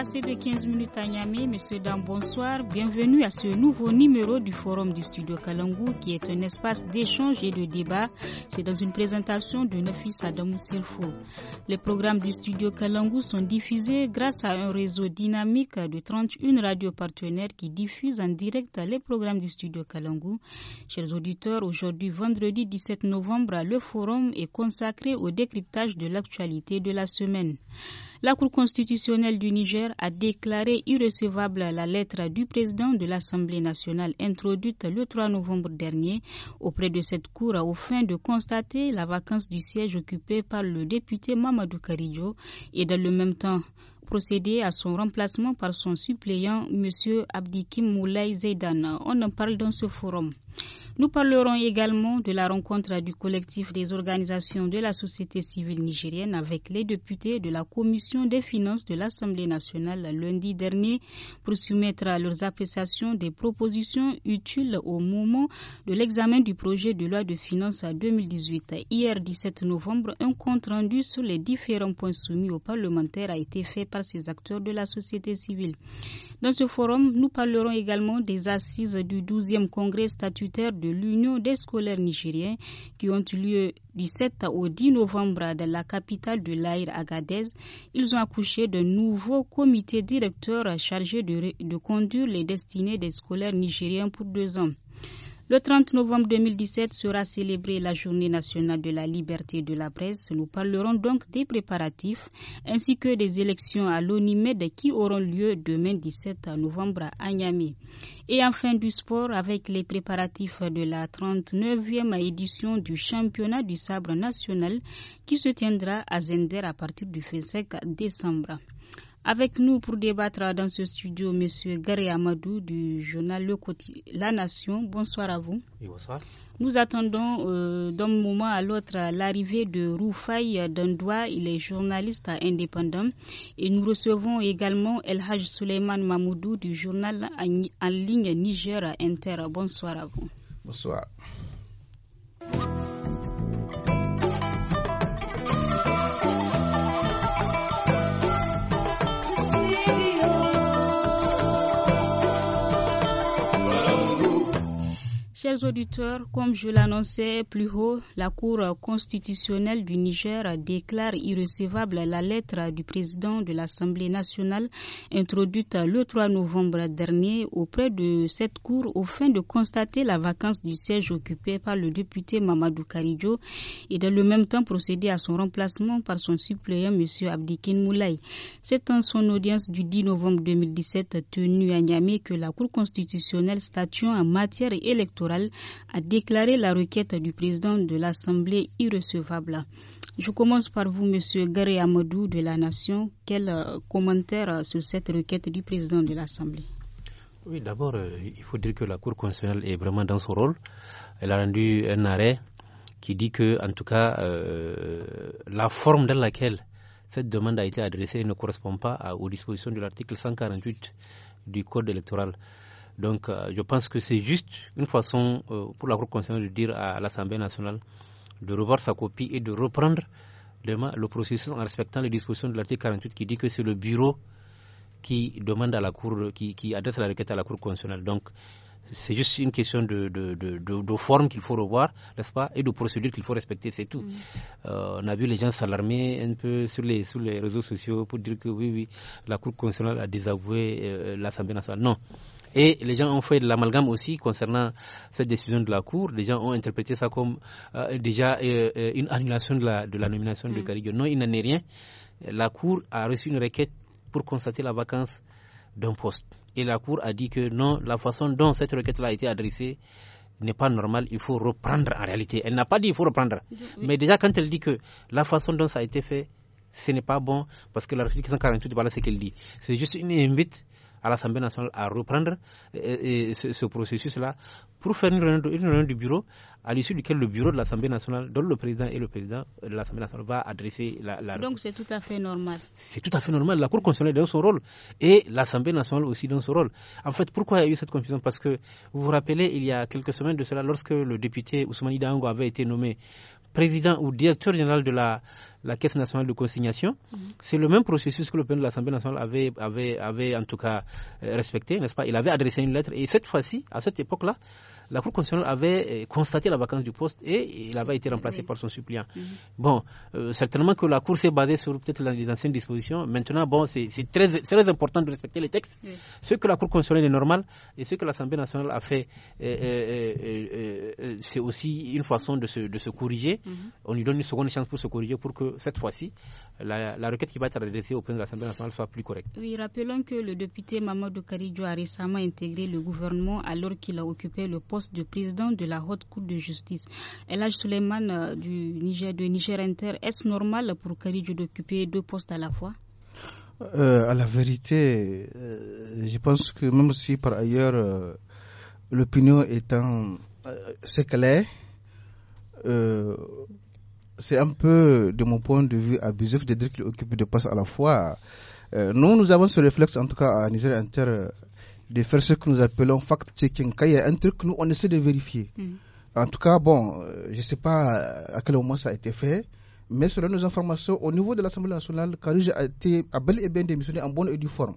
passé de 15 minutes à Niamey. Monsieur Dam, bonsoir. Bienvenue à ce nouveau numéro du Forum du Studio Kalangou qui est un espace d'échange et de débat. C'est dans une présentation de fils Adam Selfo. Les programmes du Studio Kalangou sont diffusés grâce à un réseau dynamique de 31 radios partenaires qui diffusent en direct les programmes du Studio Kalangou. Chers auditeurs, aujourd'hui, vendredi 17 novembre, le Forum est consacré au décryptage de l'actualité de la semaine la Cour constitutionnelle du Niger a déclaré irrecevable la lettre du président de l'Assemblée nationale introduite le 3 novembre dernier auprès de cette Cour au fin de constater la vacance du siège occupé par le député Mamadou Karidjo et dans le même temps procéder à son remplacement par son suppléant, M. Abdikim Moulay Zeidan. On en parle dans ce forum. Nous parlerons également de la rencontre du collectif des organisations de la société civile nigérienne avec les députés de la Commission des finances de l'Assemblée nationale lundi dernier pour soumettre à leurs appréciations des propositions utiles au moment de l'examen du projet de loi de finances 2018. Hier 17 novembre, un compte rendu sur les différents points soumis aux parlementaires a été fait par ces acteurs de la société civile. Dans ce forum, nous parlerons également des assises du 12e congrès statutaire de l'Union des scolaires nigériens qui ont eu lieu du 7 au 10 novembre dans la capitale de l'Aïr Agadez. Ils ont accouché d'un nouveau comité directeur chargé de, de conduire les destinées des scolaires nigériens pour deux ans. Le 30 novembre 2017 sera célébrée la Journée nationale de la liberté de la presse. Nous parlerons donc des préparatifs ainsi que des élections à l'ONIMED qui auront lieu demain 17 novembre à Niamey. Et enfin du sport avec les préparatifs de la 39e édition du championnat du sabre national qui se tiendra à Zender à partir du 25 décembre. Avec nous pour débattre dans ce studio, M. Gary Amadou du journal Le La Nation. Bonsoir à vous. bonsoir. Nous attendons euh, d'un moment à l'autre l'arrivée de Roufaï Dandoua, il est journaliste indépendant. Et nous recevons également El Haj Suleiman Mamoudou du journal en ligne Niger Inter. Bonsoir à vous. Bonsoir. auditeurs, comme je l'annonçais plus haut, la Cour constitutionnelle du Niger déclare irrecevable la lettre du président de l'Assemblée nationale introduite le 3 novembre dernier auprès de cette Cour au fin de constater la vacance du siège occupé par le député Mamadou Karidjo et dans le même temps procéder à son remplacement par son suppléant M. Abdikin Moulay. C'est en son audience du 10 novembre 2017 tenue à Niamey que la Cour constitutionnelle statue en matière électorale a déclaré la requête du président de l'Assemblée irrecevable. Je commence par vous, Monsieur Gary Amadou de la Nation. Quel euh, commentaire euh, sur cette requête du président de l'Assemblée Oui, d'abord, euh, il faut dire que la Cour constitutionnelle est vraiment dans son rôle. Elle a rendu un arrêt qui dit que, en tout cas, la forme dans laquelle cette demande a été adressée ne correspond pas aux dispositions de l'article 148 du Code électoral. Donc, euh, je pense que c'est juste une façon euh, pour la Cour constitutionnelle de dire à l'Assemblée nationale de revoir sa copie et de reprendre le, processus en respectant les dispositions de l'article 48 qui dit que c'est le bureau qui demande à la Cour, qui, adresse la requête à la Cour constitutionnelle. C'est juste une question de, de, de, forme qu'il faut revoir, n'est-ce pas, et de procédure qu'il faut respecter, c'est tout. Mm. Euh, on a vu les gens s'alarmer un peu sur les, sur les réseaux sociaux pour dire que oui, oui, la Cour constitutionnelle a désavoué euh, l'Assemblée nationale. Non. Et les gens ont fait de l'amalgame aussi concernant cette décision de la Cour. Les gens ont interprété ça comme euh, déjà une annulation de la, nomination de Carignan. Mm. Non, il n'en est rien. La Cour a reçu une requête pour constater la vacance d'un poste. Et la Cour a dit que non, la façon dont cette requête-là a été adressée n'est pas normale, il faut reprendre en réalité. Elle n'a pas dit il faut reprendre. Mais déjà, quand elle dit que la façon dont ça a été fait, ce n'est pas bon, parce que l'article 148, voilà ce qu'elle dit. C'est juste une invite à l'Assemblée nationale à reprendre ce, processus-là pour faire une réunion, du bureau à l'issue duquel le bureau de l'Assemblée nationale, dont le président et le président de l'Assemblée nationale, va adresser la. la... Donc c'est tout à fait normal. C'est tout à fait normal. La Cour constitutionnelle dans son rôle et l'Assemblée nationale aussi dans son rôle. En fait, pourquoi il y a eu cette confusion Parce que vous vous rappelez, il y a quelques semaines de cela, lorsque le député Ousmane Idaango avait été nommé président ou directeur général de la la Caisse nationale de consignation. Mhm. C'est le même processus que le président de l'Assemblée nationale avait, avait en tout cas euh, respecté, n'est-ce pas Il avait adressé une lettre et cette fois-ci, à cette époque-là, la Cour constitutionnelle avait euh, constaté la vacance du poste et il avait été remplacé par son suppléant. Mhm. Bon, euh, certainement que la Cour s'est basée sur peut-être les anciennes dispositions. Maintenant, bon, c'est très, important de respecter les textes. Ce que la Cour constitutionnelle est normal et ce que l'Assemblée nationale a fait, euh, c'est aussi une façon de se, corriger. Mhm. On lui donne une seconde chance pour se corriger pour que cette fois-ci, la, requête qui va être adressée au président de l'Assemblée nationale soit plus correcte. Oui, rappelons que le député Mamadou Karidjo a récemment intégré le gouvernement alors qu'il a occupé le poste de président de la Haute Cour de justice. Elage Suleiman euh, du Niger, de Niger Inter, est-ce normal pour Karidjo d'occuper deux postes à la fois euh, à la vérité, euh, je pense que même si par ailleurs l'opinion étant ce c'est un peu, de mon point de vue, abusif de dire qu'il occupe deux postes à la fois. Euh, nous, nous avons ce réflexe, en tout cas à Niger Inter, euh, de faire ce que nous appelons fact-checking. Quand il y a un truc, nous, on essaie de vérifier. Mm. En tout cas, bon, euh, je ne sais pas à quel moment ça a été fait, mais selon nos informations, au niveau de l'Assemblée nationale, Karouge a, été, à bel et bien démissionné en bonne et due forme.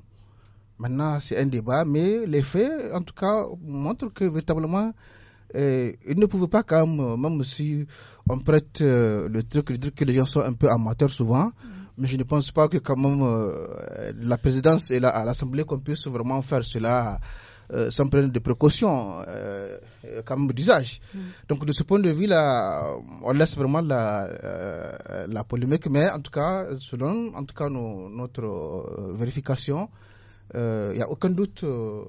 Maintenant, c'est un débat, mais les faits, en tout cas, montrent que véritablement, il ne pouvait pas quand même, euh, même si on prête euh, le truc, le truc que les gens sont un peu amateurs souvent, mm. mais je ne pense pas que quand même euh, la présidence et l'Assemblée qu'on puisse vraiment faire cela sans prendre des précautions, quand même d'usage. Mm. Donc de ce point de vue-là, on laisse vraiment la, la polémique, mais en tout cas, selon en tout cas notre vérification, il euh, n'y a aucun doute euh,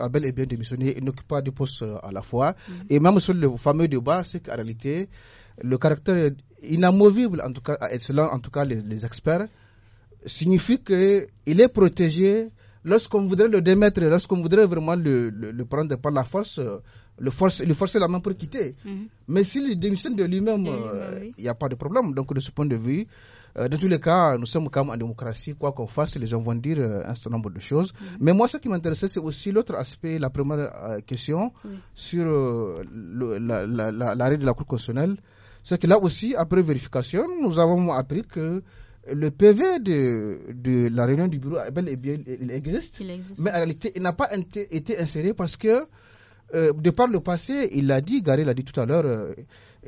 Abel est bien démissionné, il n'occupe pas de poste euh, à la fois. Mm-hmm. Et même sur le fameux débat, c'est qu'en réalité, le caractère inamovible, en tout cas, selon en tout cas les, experts, signifie qu'il est protégé lorsqu'on voudrait le démettre, lorsqu'on voudrait vraiment le, le, prendre par la force, le forcer, le forcer la main pour quitter. Mhm. Mais s'il démissionne de lui-même, euh, il n'y a pas de problème. Donc, de ce point de vue, euh, dans tous les cas, nous sommes quand même en démocratie. Quoi qu'on fasse, les gens vont dire euh, un certain nombre de choses. Mhm. Mais moi, ce qui m'intéressait, c'est aussi l'autre aspect, la première question sur l'arrêt de la Cour constitutionnelle. C'est que là aussi, après vérification, nous avons appris que le PV de, de la réunion du bureau, eh ben, eh il existe. Mais en réalité, il n'a pas été inséré parce que euh, de par le passé, il l'a dit, Garé l'a dit tout à l'heure, ce euh,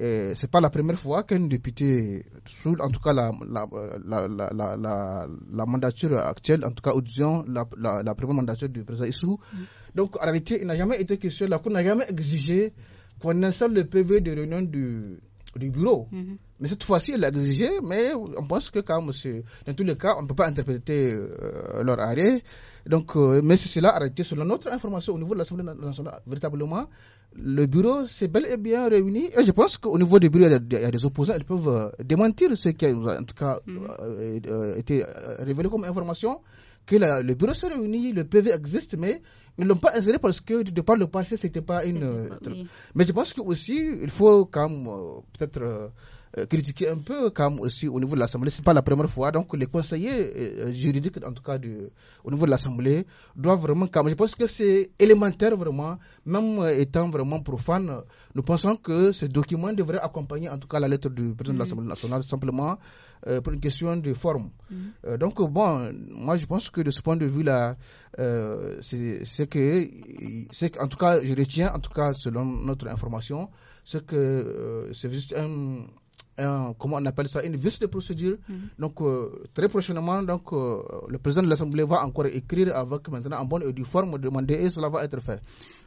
euh, c'est pas la première fois qu'un député, sous en tout cas la, la, la, la, mandature actuelle, en tout cas audition, la, première mandature du président Issou. Mm. Donc en réalité, il n'a jamais été question, la Cour n'a jamais exigé qu'on installe le PV de réunion du du bureau. Mhm. Mais cette fois-ci, elle l'a exigé, mais on pense que quand monsieur, dans tous les cas, on ne peut pas interpréter euh, leur arrêt. Donc, euh, mais mais cela arrêté selon notre information au niveau de l'Assemblée nationale. Véritablement, le bureau s'est bel et bien réuni. Et je pense qu'au niveau du bureau, il y, a, des opposants, ils peuvent euh, démentir ce qui a, en tout cas, mhm. été révélé comme information que la, le bureau se réunit, le PV existe, mais ils ne l'ont pas inséré parce que de par le passé, c'était pas une. Euh, mais je pense que aussi, il faut quand même euh, peut-être euh, euh, critiquer un peu comme aussi au niveau de l'Assemblée. C'est pas la première fois. Donc les conseillers euh, euh, juridiques, en tout cas du, au niveau de l'Assemblée, doivent vraiment comme je pense que c'est élémentaire vraiment, même étant vraiment profane. Nous pensons que ces documents devraient accompagner en tout cas la lettre du président de mhm. l'Assemblée nationale simplement pour une question de forme. Mhm. donc bon, moi je pense que de ce point de vue là, euh, c'est que c'est en tout cas je retiens en tout cas selon notre information, c'est que c'est juste un comment on appelle ça, une vis de procédure. Mm-hmm. Donc, euh, très prochainement, donc, euh, le président de l'Assemblée va encore écrire avec maintenant en bonne et due forme, demander et cela va être fait.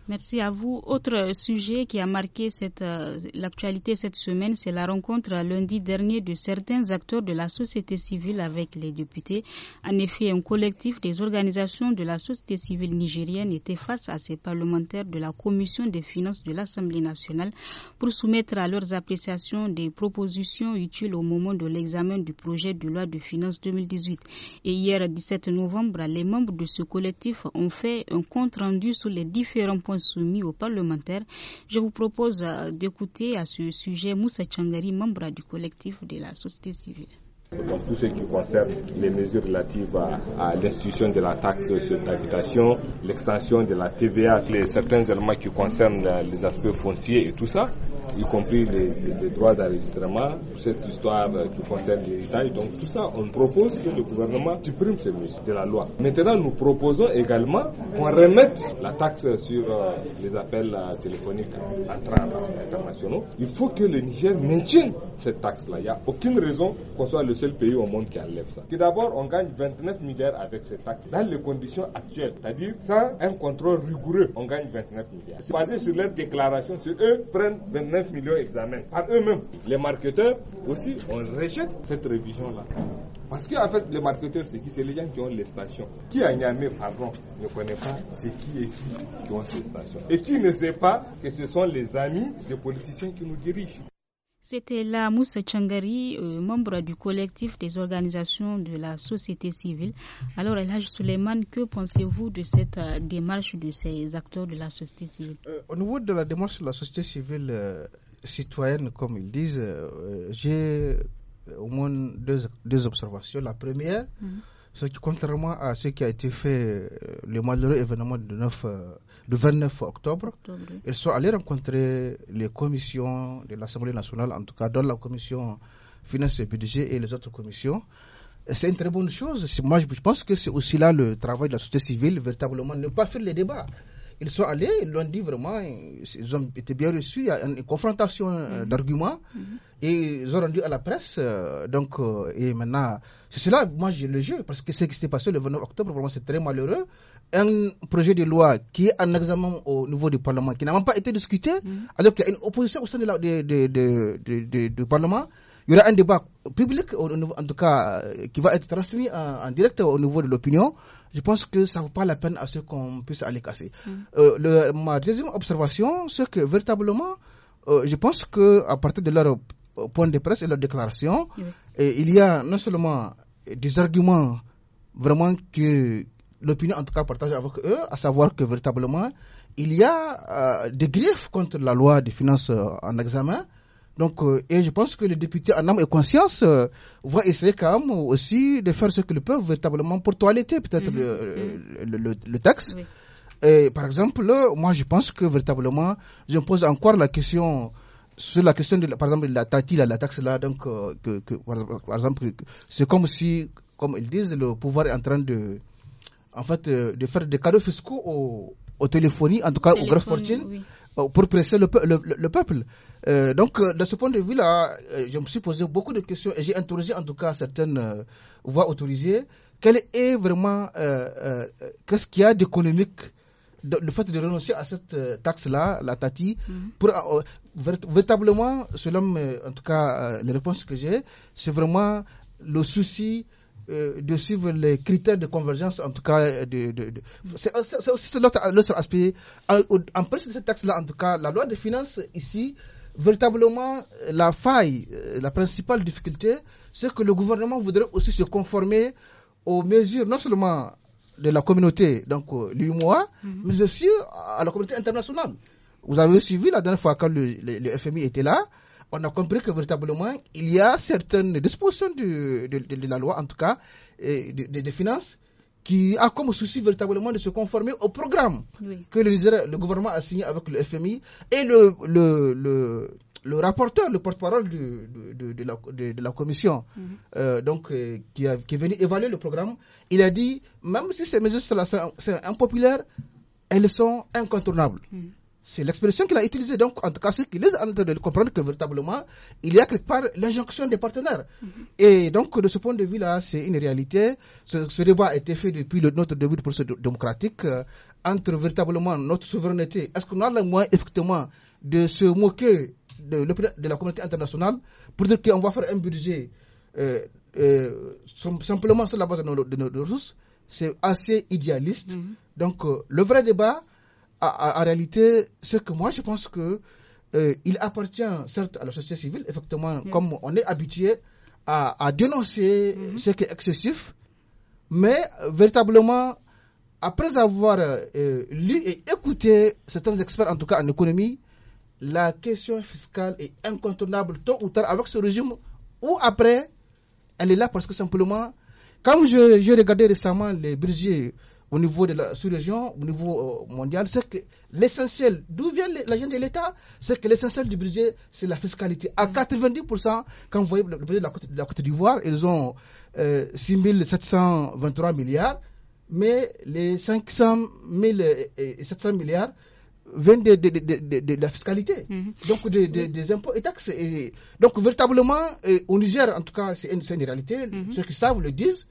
Merci à vous. Autre sujet qui a marqué euh, l'actualité cette semaine, c'est la rencontre lundi dernier de certains acteurs de la société civile avec les députés. En effet, un collectif des organisations de la société civile nigérienne était face à ces parlementaires de la Commission des finances de l'Assemblée nationale pour soumettre à leurs appréciations des propositions utiles au moment de l'examen du projet de loi de finances 2018. Et hier, 17 novembre, les membres de ce collectif ont fait un compte rendu sur les différents points soumis aux parlementaires. Je vous propose euh, d'écouter à euh, ce sujet Moussa Changari, membre du collectif de la société civile. Donc tout ce qui concerne les mesures relatives à, l'institution de la taxe sur l'habitation, l'extension de la TVA, les, certains éléments qui concernent les aspects fonciers et tout ça, y compris les, droits d'enregistrement, cette histoire euh, qui concerne l'héritage, Donc tout ça, on propose que le gouvernement supprime ces mesures de la loi. Maintenant, nous proposons également qu'on remette la taxe sur euh, les appels euh, téléphoniques à internationaux. Il faut que le Niger maintienne cette taxe-là. Il n'y a aucune raison qu'on soit le seul pays au monde qui enlève ça. Que d'abord, on gagne 29 milliards avec ces taxes. Dans les conditions actuelles, c'est-à-dire sans un contrôle rigoureux, on gagne 29 milliards. C'est basé sur leurs déclarations, sur eux prennent 29 millions d'examens par eux-mêmes. Les marketeurs aussi, on rejette cette révision-là. Parce qu'en en fait, les marketeurs, c'est qui C'est les gens qui ont les stations. Qui a Niamé, pardon, ne connaît pas c'est qui et qui qui ont ces stations. Et qui ne sait pas que ce sont les amis des politiciens qui nous dirigent. C'était la Moussa Changari, euh, membre du collectif des organisations de la société civile. Alors, Elhaj Suleiman, que pensez-vous de cette euh, démarche de ces acteurs de la société civile euh, Au niveau de la démarche de la société civile citoyenne, comme ils disent, j'ai au moins deux, observations. La première, mhm contrairement à ce qui a été fait euh, le malheureux événement du 29 euh, octobre, ils sont allés rencontrer les commissions de l'Assemblée nationale, en tout cas dans la commission finances et budget et les autres commissions. C'est une très bonne chose. Moi, je pense que c'est aussi là le travail de la société civile, véritablement, ne pas faire les débats. Ils sont allés, ils l'ont dit vraiment, ils ont été bien reçus, il y a une confrontation euh, mm-hmm. d'arguments, mm-hmm. et ils ont rendu à la presse. Euh, donc, euh, et maintenant, c'est cela, moi j'ai le jeu, parce que ce qui s'est passé le 29 octobre, vraiment c'est très malheureux. Un projet de loi qui est en examen au niveau du Parlement, qui n'a même pas été discuté, mm-hmm. alors qu'il y a une opposition au sein du Parlement il y aura un débat public, en tout cas, qui va être transmis en direct au niveau de l'opinion je pense que ça ne vaut pas la peine à ce qu'on puisse aller casser. Mm. Euh, ma deuxième observation, c'est que véritablement, euh, je pense que à partir de leur euh, point de presse et leur déclaration, il y a non seulement des arguments vraiment que l'opinion en tout cas partage avec eux, à savoir que véritablement, il y a des griefs contre la loi des finances en examen donc, euh, et je pense que les députés en âme et conscience euh, vont essayer quand même aussi de faire ce qu'ils peuvent véritablement pour toiletter peut-être mhm, mhm. le, le, le, texte. Et par exemple, moi je pense que véritablement, je me pose encore la question sur la question de, par exemple, de la tati, la, la taxe là, donc, euh, que, que, par exemple, c'est comme si, comme ils disent, le pouvoir est en train de, en fait, euh, de faire des cadeaux fiscaux aux, aux téléphonies, en tout cas aux grosses fortunes pour presser le, peuple. Euh, donc, euh, de ce point de vue-là, euh, je me suis posé beaucoup de questions et j'ai interrogé en tout cas certaines voies autorisées. quel est vraiment, qu'est-ce qu'il y a d'économique le fait de renoncer à cette taxe-là, la TATI, mhm. pour, véritablement, selon en tout cas les réponses que j'ai, c'est vraiment le souci euh, de suivre les critères de convergence, en tout cas, euh, de, c'est euh, aussi l'autre aspect. En, plus de ce texte-là, en tout cas, la loi de finances ici, véritablement, la faille, la principale difficulté, c'est que le gouvernement voudrait aussi se conformer aux mesures, non seulement de la communauté, donc l'UMOA, mm-hmm. mais aussi à la communauté internationale. Vous avez suivi la dernière fois quand le, le FMI était là, on a compris que véritablement, il y a certaines dispositions de, la loi, en tout cas, et de, finances, qui a comme souci véritablement de se conformer au programme que le, gouvernement a signé avec le FMI et le, le, le, rapporteur, le porte-parole de, la, commission, mhm. euh, donc, euh, qui, est venu évaluer le programme, il a dit même si ces mesures sont impopulaires, elles sont incontournables. Mhm. C'est l'expression qu'il a utilisée. Donc, en tout cas, ce qui est en train de comprendre que véritablement, il y a quelque part l'injonction des partenaires. Mm-hmm. Et donc, de ce point de vue-là, c'est une réalité. Ce, débat a été fait depuis le, notre début de processus démocratique euh, entre véritablement notre souveraineté. Est-ce qu'on a le moyen, effectivement, de se moquer de, la communauté internationale pour dire qu'on va faire un budget euh, euh, simplement sur la base de nos, ressources C'est assez idéaliste. Mm-hmm. Donc, euh, le vrai débat en réalité, ce que moi je pense que euh, il appartient certes à la société civile, effectivement, mm. comme on est habitué à, dénoncer mm-hmm. ce qui est excessif, mais euh, véritablement, après avoir euh, lu et écouté certains experts, en tout cas en économie, la question fiscale est incontournable tôt ou tard avec ce régime ou après, elle est là parce que simplement, quand je, regardé regardais récemment les budgets au niveau de la sous-région, au niveau euh, mondial, c'est que l'essentiel, d'où vient l'agent de l'État C'est que l'essentiel du budget, c'est la fiscalité. À 90%, mm. quand vous voyez le budget de la Côte d'Ivoire, ils ont 6 euh, 723 milliards, mais les 500 700 milliards viennent de, de, de, de, la fiscalité, mm -hmm. donc des impôts et taxes. donc, véritablement, euh, au Niger, en tout cas, c'est une, réalité, mm -hmm. ceux qui savent le disent,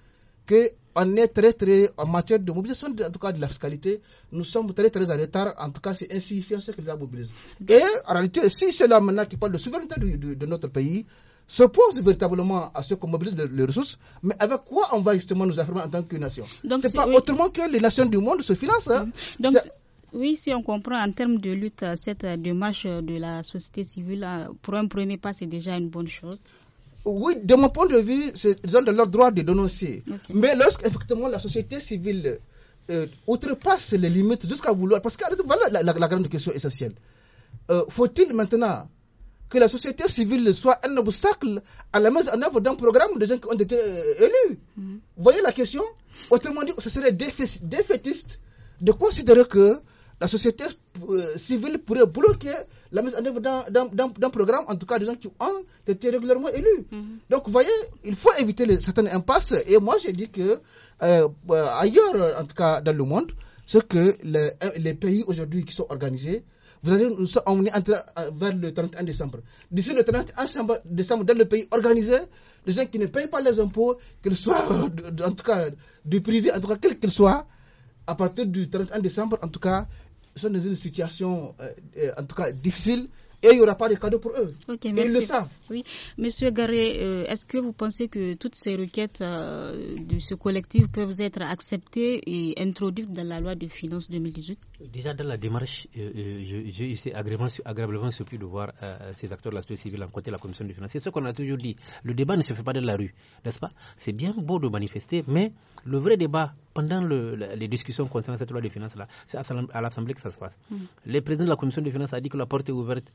que on est très très en matière de mobilisation en tout cas de la fiscalité nous sommes très très en retard en tout cas c'est insuffisant ce que la mobilise et en réalité si c'est là maintenant qui parle de souveraineté de, notre pays s'oppose véritablement à ce qu'on mobilise les, ressources, mais avec quoi on va justement nous affirmer en tant que nation C'est pas autrement que les nations du monde se financent. Hein. Mm. Donc, oui, si on comprend en termes de lutte, cette démarche de la société civile, pour un premier pas, c'est déjà une bonne chose oui, de mon point de vue, ils ont leur droit de dénoncer. Mais lorsque, effectivement, la société civile euh, outrepasse les limites jusqu'à vouloir. Parce que voilà la, grande question essentielle. Euh, faut-il maintenant que la société civile soit un obstacle à la mise en œuvre d'un programme de gens qui ont été euh, élus mm-hmm. Voyez la question Autrement dit, ce serait défaitiste de considérer que la société euh, civile pourrait bloquer la mise en œuvre d'un programme, en tout cas des gens qui ont été régulièrement élus. Mhm. Donc, vous voyez, il faut éviter certaines impasses. Et moi, j'ai dit que euh, euh, ailleurs, en tout cas dans le monde, ce que les, pays aujourd'hui qui sont organisés, vous allez nous sommes vers le 31 décembre. D'ici le 31 décembre, dans le pays organisé, les gens qui ne payent pas les impôts, qu'ils soient, en tout cas, du privé, en tout cas, quel qu'ils soient, à partir du 31 décembre, en tout cas, sont dans une situation, euh, euh, en tout cas, difficile. Et il n'y aura pas de cadeau pour eux. ils le savent. Oui. Monsieur Garé, euh, est-ce que vous pensez que toutes ces requêtes de ce collectif peuvent être acceptées et introduites dans la loi de finances 2018 Déjà dans la démarche, j'ai suis agréablement surpris de voir ces acteurs de la société civile en côté de la commission des finances. C'est ce qu'on a toujours dit. Le débat ne se fait pas dans la rue, n'est-ce pas C'est bien beau de manifester, mais le vrai débat pendant les discussions concernant cette loi de finances-là, c'est à l'Assemblée que ça se passe. Mm. Le président de la commission des finances a dit que la porte est ouverte.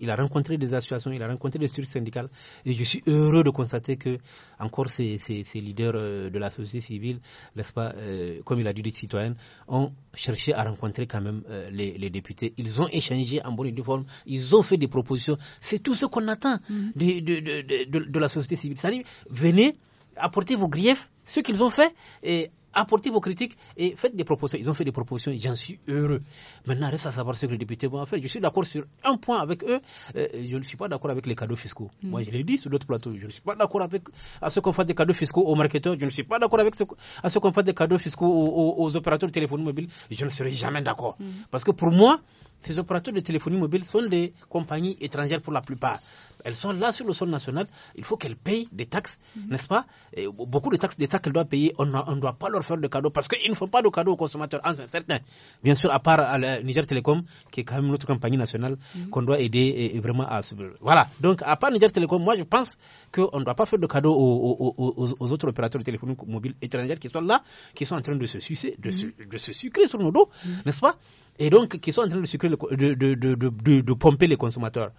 Il a rencontré des associations, il a rencontré des structures syndicales. Et je suis heureux de constater que, encore, ces, leaders euh, de la société civile, n'est-ce pas, euh, comme il a dit, des citoyens, ont cherché à rencontrer quand même euh, les, députés. Ils ont échangé en bonne et due forme. Ils ont fait des propositions. C'est tout ce qu'on attend mm. de, la société civile. Ça dire venez apporter vos griefs, ce qu'ils ont fait, et apportez vos critiques et faites des propositions. Ils ont fait des propositions et j'en suis heureux. Maintenant, reste à savoir ce que les députés vont faire. Je suis d'accord sur un point avec eux. Euh, je ne suis pas d'accord avec les cadeaux fiscaux. Hmm. Moi, je l'ai dit sur d'autres plateaux. Je ne suis pas d'accord avec à ce qu'on fasse des cadeaux fiscaux aux marketeurs. Je ne suis pas d'accord avec à ce qu'on fasse des cadeaux fiscaux aux, opérateurs de téléphonie mobile. Je ne serai jamais d'accord. Hmm. Parce que pour moi, ces opérateurs de téléphonie mobile sont des compagnies étrangères pour la plupart. Elles sont là sur le sol national. Il faut qu'elles payent des taxes, hmm. n'est-ce pas Beaucoup de taxes, des qu'elles doivent payer, on ne doit pas leur faire de cadeaux parce qu'ils ne font pas de cadeaux aux consommateurs. certains, bien sûr, à part euh, Niger Telecom, qui est quand même notre compagnie nationale mhm. qu'on doit aider vraiment à. Voilà. Donc, à part Niger Telecom, moi, je pense qu'on ne doit pas faire de cadeaux aux, autres opérateurs téléphoniques mobiles étrangers qui sont là, qui sont en train de se mhm. de, se, sucrer sur nos dos, mhm. n'est-ce pas Et donc, qui sont en train de, de, pomper les consommateurs.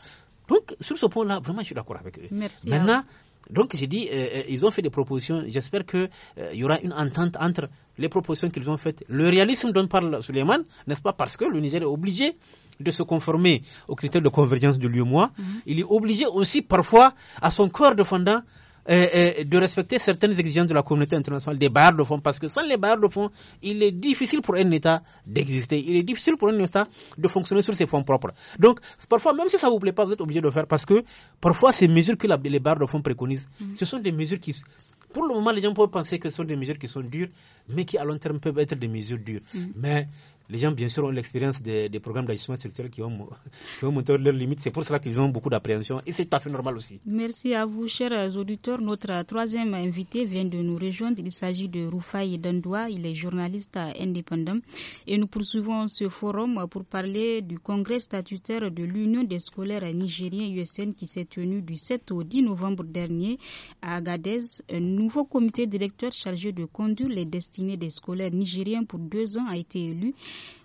Donc, sur ce point-là, vraiment, je suis d'accord avec eux. Merci. Maintenant, donc, j'ai dit, euh, euh, ils ont fait des propositions. J'espère qu'il euh, y aura une entente entre les propositions qu'ils ont faites. Le réalisme dont parle Suleiman, n'est-ce pas, parce que le Niger est obligé de se conformer aux critères de convergence de l'UMOA. Mhm. Il est obligé aussi, parfois, à son corps défendant, de respecter certaines exigences de la communauté internationale, des barres de fonds, parce que sans les barres de fonds, il est difficile pour un État d'exister, il est difficile pour un État de fonctionner sur ses fonds propres. Donc, parfois, même si ça ne vous plaît pas, vous êtes obligé de le faire, parce que parfois, ces mesures que les barres de fonds préconisent, mm-hmm. ce sont des mesures qui pour le moment, les gens peuvent penser que ce sont des mesures qui sont dures, mais qui à long terme peuvent être des mesures dures. Mm-hmm. Mais les gens, bien sûr, ont l'expérience des, programmes d'ajustement structurel qui ont, monté leurs limites. C'est pour cela qu'ils ont beaucoup d'appréhension et c'est tout fait normal aussi. Merci à vous, chers auditeurs. Notre troisième invité vient de nous rejoindre. Il s'agit de Roufaï Dandoua. Il est journaliste indépendant. Et nous poursuivons ce forum pour parler du congrès statutaire de l'Union des scolaires nigériens USN qui s'est tenu du 7 au 10 novembre dernier à Agadez. Un nouveau comité directeur chargé de conduire les destinées des scolaires nigériens pour deux ans a été élu.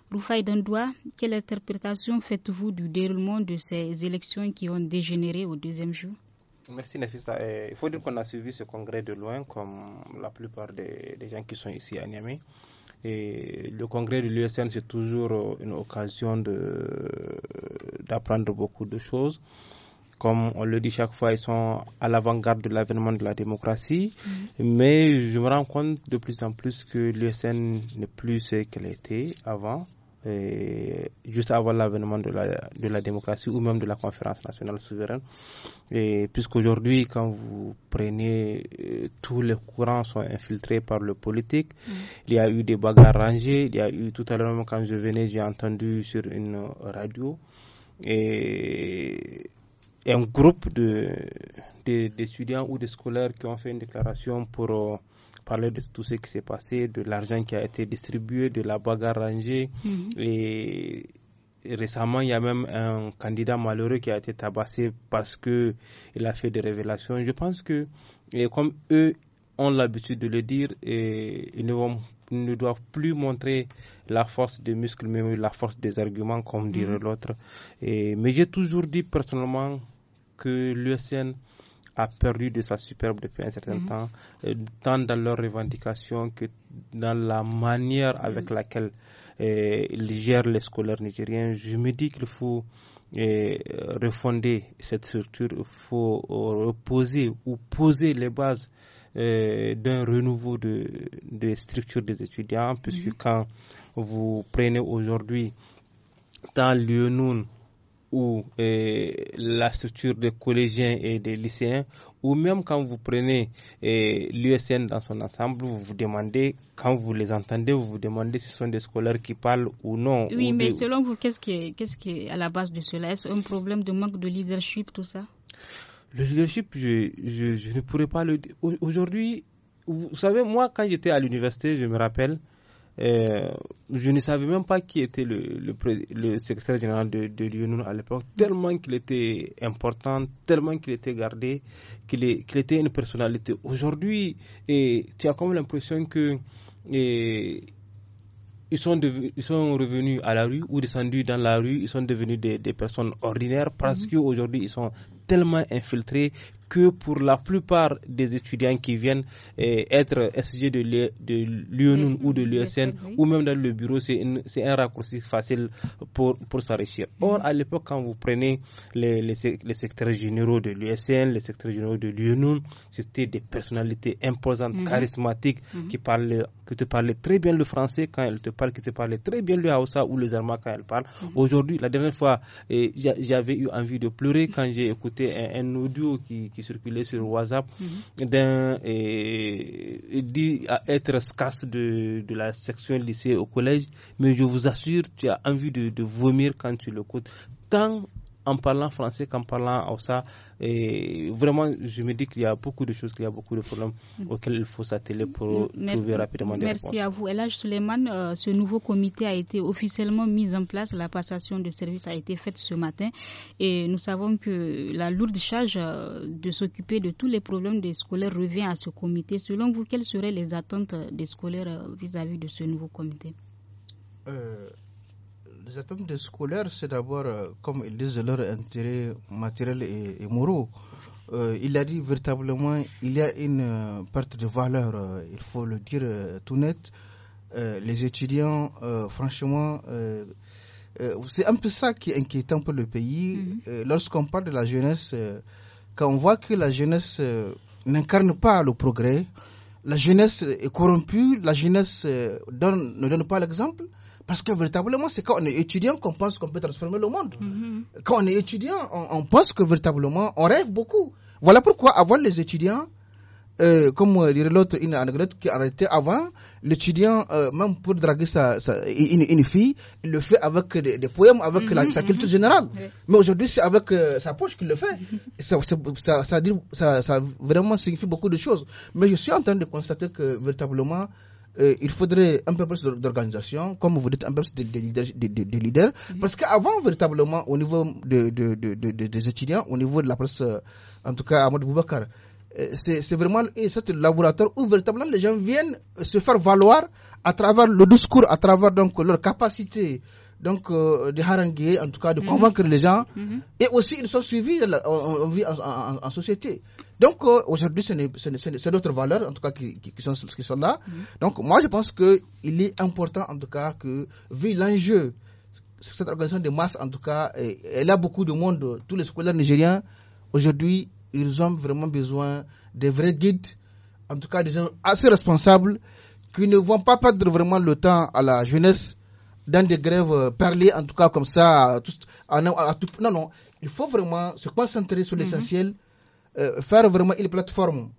Roufaï Dandoua, quelle interprétation faites-vous du déroulement de ces élections qui ont dégénéré au deuxième jour Merci Nafisa. Eh, il faut dire qu'on a suivi ce congrès de loin, comme la plupart des, gens qui sont ici à Niamey. Et le congrès de l'USN, c'est toujours euh, une occasion d'apprendre beaucoup de choses. Comme on le dit chaque fois, ils sont à l'avant-garde de l'avènement de la démocratie. Mm-hmm. Mais je me rends compte de plus en plus que l'USN n'est plus ce qu'elle était avant juste avant l'avènement de la, de la démocratie ou même de la conférence nationale souveraine. Et puisqu'aujourd'hui, quand vous prenez, euh, tous les courants sont infiltrés par le politique. Mm. Il y a eu des bagarres rangées. Il y a eu tout à l'heure, quand je venais, j'ai entendu sur une radio et un groupe d'étudiants de, d'étudiants ou de scolaires qui ont fait une déclaration pour... Euh, parler de tout ce qui s'est passé, de l'argent qui a été distribué, de la bagarre rangée. Mhm. Et récemment, il y a même un candidat malheureux qui a été tabassé parce qu'il a fait des révélations. Je pense que, et comme eux ont l'habitude de le dire, et ils ne, vont, ne doivent plus montrer la force des muscles, mais la force des arguments, comme dirait mhm. l'autre. Mais j'ai toujours dit personnellement que l'USN a perdu de sa superbe depuis un certain mhm. temps, euh, tant dans leurs revendications que dans la manière avec mhm. laquelle euh, gèrent les scolaires nigériens. Je me dis qu'il faut euh, refonder cette structure, il faut reposer ou poser les bases d'un renouveau de, structures structure des étudiants, puisque mhm. quand vous prenez aujourd'hui dans l'UNUN, ou eh, la structure des collégiens et des lycéens, ou même quand vous prenez eh, l'USN dans son ensemble, vous vous demandez, quand vous les entendez, vous vous demandez si ce sont des scolaires qui parlent ou non. Oui, mais selon vous, qu'est-ce qui, est, à la base de cela Est-ce un problème de manque de leadership, tout ça Le leadership, je ne pourrais pas le dire. Aujourd'hui, vous savez, moi, quand j'étais à l'université, je me rappelle, euh, je ne savais même pas qui était le, le, secrétaire général de, de à l'époque, tellement qu'il était important, tellement qu'il était gardé, qu'il était une personnalité. Aujourd'hui, tu as comme l'impression que ils, sont de, ils sont revenus à la rue ou descendus dans la rue, ils sont devenus des, personnes ordinaires parce mhm. qu'aujourd'hui, ils sont tellement infiltré que pour la plupart des étudiants qui viennent eh, être SG de l'UNUN ou de l'USN ou même dans le bureau, c'est un raccourci facile pour, pour s'enrichir. Mm. Or, à l'époque, quand vous prenez les, les, secteurs généraux de l'USN, les secteurs généraux de l'UNUN, c'était des personnalités imposantes, mm-hmm. charismatiques, mm-hmm. qui, parlent, qui te parlaient très bien le français quand elles te parlent, qui te parlaient très bien le Hausa ou le zerma quand elles parlent. Mm-hmm. Aujourd'hui, la dernière fois, eh, j'avais eu envie de pleurer quand j'ai écouté un, audio qui, circulait sur WhatsApp mhm. dit être scasse de, la section lycée au collège, mais je vous assure, tu as envie de, vomir quand tu l'écoutes. Tant en parlant français qu'en parlant ça Et vraiment, je me dis qu'il y a beaucoup de choses, qu'il y a beaucoup de problèmes mm. auxquels il faut s'atteler pour mm. trouver rapidement des réponses. Merci à vous. Elage Suleiman, euh, ce nouveau comité a été officiellement mis en place. La passation de service a été faite ce matin. Et nous savons que la lourde charge euh, de s'occuper de tous les problèmes des scolaires revient à ce comité. Selon vous, quelles seraient les attentes des scolaires euh, vis-à-vis de ce nouveau comité les attentes des scolaires, c'est d'abord, euh, comme ils disent, leur intérêt matériel et, moraux. Euh, il a dit véritablement, il y a une euh, perte de valeur, il faut le dire tout net. les étudiants, franchement, c'est un peu ça qui est inquiétant pour le pays. Mhm. Lorsqu'on parle de la jeunesse, quand on voit que la jeunesse n'incarne pas le progrès, la jeunesse est corrompue, la jeunesse ne donne pas l'exemple. Parce que véritablement, c'est quand on est étudiant qu'on pense qu'on peut transformer le monde. Mm-hmm. Quand on est étudiant, on, on, pense que véritablement, on rêve beaucoup. Voilà pourquoi avant les étudiants, euh, comme dirait l'autre, une anecdote qui arrêté avant, l'étudiant, euh, même pour draguer sa, sa une, une, fille, il le fait avec des, poèmes, avec la, mm-hmm, sa culture mm-hmm. générale. Mais aujourd'hui, c'est avec euh, sa poche qu'il le fait. Ça, ça, ça, ça, vraiment signifie beaucoup de choses. Mais je suis en train de constater que véritablement, euh, il faudrait un peu plus d'organisation, comme vous dites, un peu plus de, leaders. Mhm. Parce qu'avant, véritablement, au niveau des étudiants, au niveau de la presse, euh, en tout cas, Ahmad Boubacar, euh, c'est vraiment un laboratoire où véritablement les gens viennent se faire valoir à travers le discours, à travers donc leur capacité donc euh, de haranguer, en tout cas de mhm. convaincre les gens. Mhm. Et aussi, ils sont suivis, on, vit en, société. Donc euh, aujourd'hui, c'est d'autres valeurs, en tout cas, qui, qui, sont, qui sont, là. Mhm. Donc moi, je pense qu'il est important, en tout cas, que, vu l'enjeu, cette organisation de masse, en tout cas, elle a beaucoup de monde, tous les scolaires nigériens, aujourd'hui, ils ont vraiment besoin de vrais guides, en tout cas, des gens assez responsables, qui ne vont pas perdre vraiment le temps à la jeunesse dans des grèves, euh, parler en tout cas comme ça. non, non. Il faut vraiment se concentrer sur mhm. l'essentiel, euh, faire vraiment une plateforme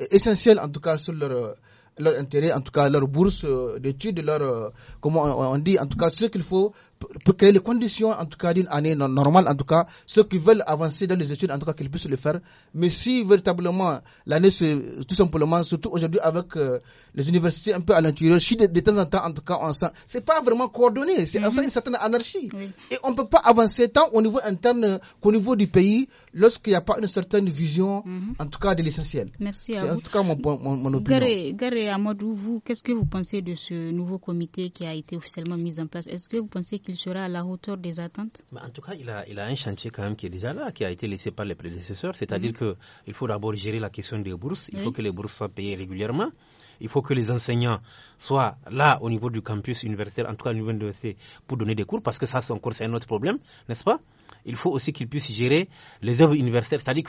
euh, essentielle en tout cas sur leur, leur intérêt, en tout cas leur bourse d'études, leur, comment on dit, en tout cas ce qu'il faut pour créer les conditions, en tout cas, d'une année normale, en tout cas, ceux qui veulent avancer dans les études, en tout cas, qu'ils puissent le faire. Mais si véritablement l'année, tout simplement, surtout aujourd'hui avec euh, les universités un peu à l'intérieur, si de, de, temps en temps, en tout cas, on c'est pas vraiment coordonné, c'est mm une certaine anarchie. Et on peut pas avancer tant au niveau interne qu'au niveau du pays lorsqu'il n'y a pas une certaine vision, mm-hmm. en tout cas, de l'essentiel. Merci C'est en tout cas mon, mon, opinion. Garé Amadou, vous, qu'est-ce que vous pensez de ce nouveau comité qui a été officiellement mis en place Est-ce que vous pensez sera à la hauteur des attentes En tout cas, il a, un chantier quand même qui est déjà là, qui a été laissé par les prédécesseurs. C'est-à-dire mhm. qu'il faut d'abord gérer la question des bourses. Il faut que les bourses soient payées régulièrement. Il faut que les enseignants soient là au niveau du campus universitaire, en tout cas au niveau de l'université, pour donner des cours, parce que ça, c'est encore un autre problème, n'est-ce pas il faut aussi qu'il puisse gérer les œuvres universitaires, c'est-à-dire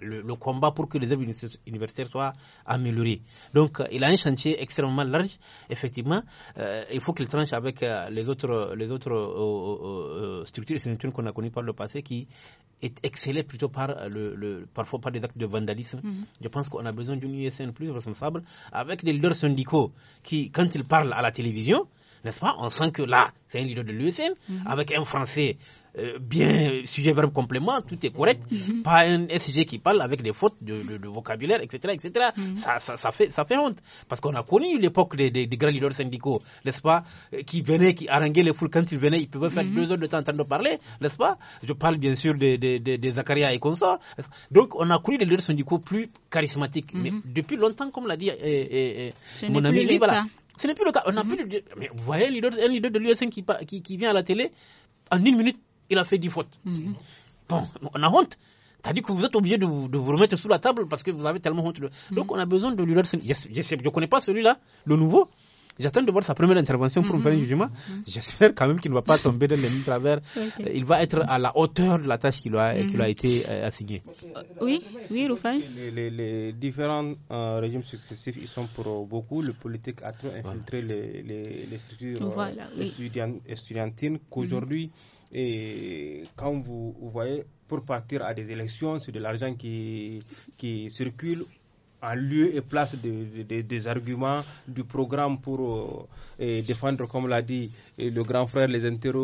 le, combat pour que les œuvres universitaires soient améliorées. Donc, euh, il a un chantier extrêmement large, effectivement. Euh, il faut qu'il tranche avec euh, les autres, les autres structures qu'on a connues par le passé qui est excellée plutôt par le, parfois par des actes de vandalisme. Mhm. Je pense qu'on a besoin d'une USN plus responsable avec des leaders syndicaux qui, quand ils parlent à la télévision, n'est-ce pas On sent que là, c'est un leader de l'USN, mhm. avec un Français euh, bien sujet verbe complément, tout est correct, mhm. pas un SG qui parle avec des fautes de, vocabulaire, etc., etc. Mhm. ça, ça, fait, ça fait honte parce qu'on a connu l'époque des, grands leaders syndicaux, n'est-ce pas, euh, qui venaient, qui haranguaient les foules quand ils venaient, ils pouvaient faire mhm. deux heures de temps en train de parler, n'est-ce pas Je parle bien sûr des de, et consorts. Donc on a connu des leaders syndicaux plus charismatiques, mais depuis longtemps, comme l'a dit euh, mon ami, voilà. Ce n'est plus le cas. On plus vous voyez un leader, de l'USN qui, qui, vient à la télé, en une minute, il a fait 10 fautes. Mm-hmm. Bon, on a honte. cest à que vous êtes obligé de vous, remettre sous la table parce que vous avez tellement honte. Mm-hmm. Donc on a besoin de lui Je ne connais pas celui-là, le nouveau. J'attends de voir sa première intervention pour me faire un mm-hmm. jugement. J'espère quand même qu'il ne va pas tomber dans les mille travers. Il va être à la hauteur de la tâche qui lui a, été euh, assignée. Euh, oui, oui, Les, différents euh, régimes successifs, ils sont pour beaucoup. Le politique a trop infiltré les, structures voilà, qu'aujourd'hui. Et quand vous, voyez, pour partir à des élections, c'est de l'argent qui, qui circule en lieu et place de, des arguments du programme pour euh, défendre, comme l'a dit le grand frère, les intérêts,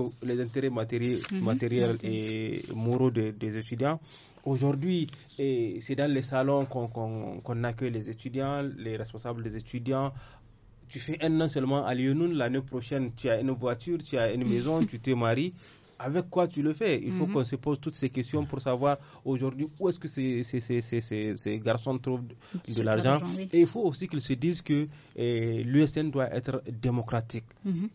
mhm, matériels et moraux des étudiants. Aujourd'hui, c'est dans les salons qu'on accueille les étudiants, les responsables des étudiants. Tu fais un an seulement à Lyon, l'année prochaine, tu as une voiture, tu as une maison, tu te maries avec quoi tu le fais. Il faut mhm. qu'on se pose toutes ces questions pour savoir aujourd'hui où est-ce que ces, garçons trouvent de, l'argent. Et il faut aussi qu'ils se disent que eh, l'USN doit être démocratique. Mhm.